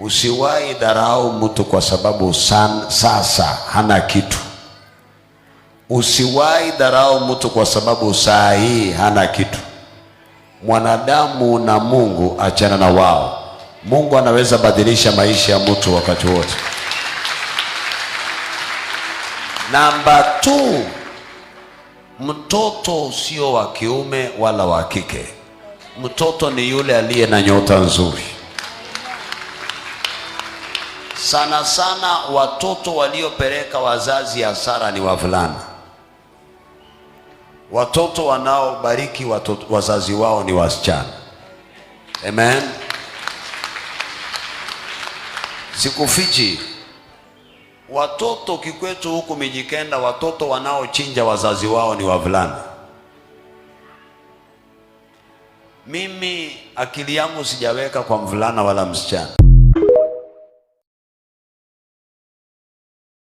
Usiwahi dharau mtu kwa sababu san, sasa hana kitu. Usiwahi dharau mtu kwa sababu saa hii hana kitu. Mwanadamu na Mungu, achana na wao. Mungu anaweza badilisha maisha ya mtu wakati wote. Namba tu mtoto sio wa kiume wala wa kike. Mtoto ni yule aliye na nyota nzuri. Sana sana watoto waliopeleka wazazi hasara ni wavulana. Watoto wanaobariki watoto, wazazi wao ni wasichana. Amen. Sikufichi watoto kikwetu huku Mijikenda, watoto wanaochinja wazazi wao ni wavulana. Mimi akili yangu sijaweka kwa mvulana wala msichana.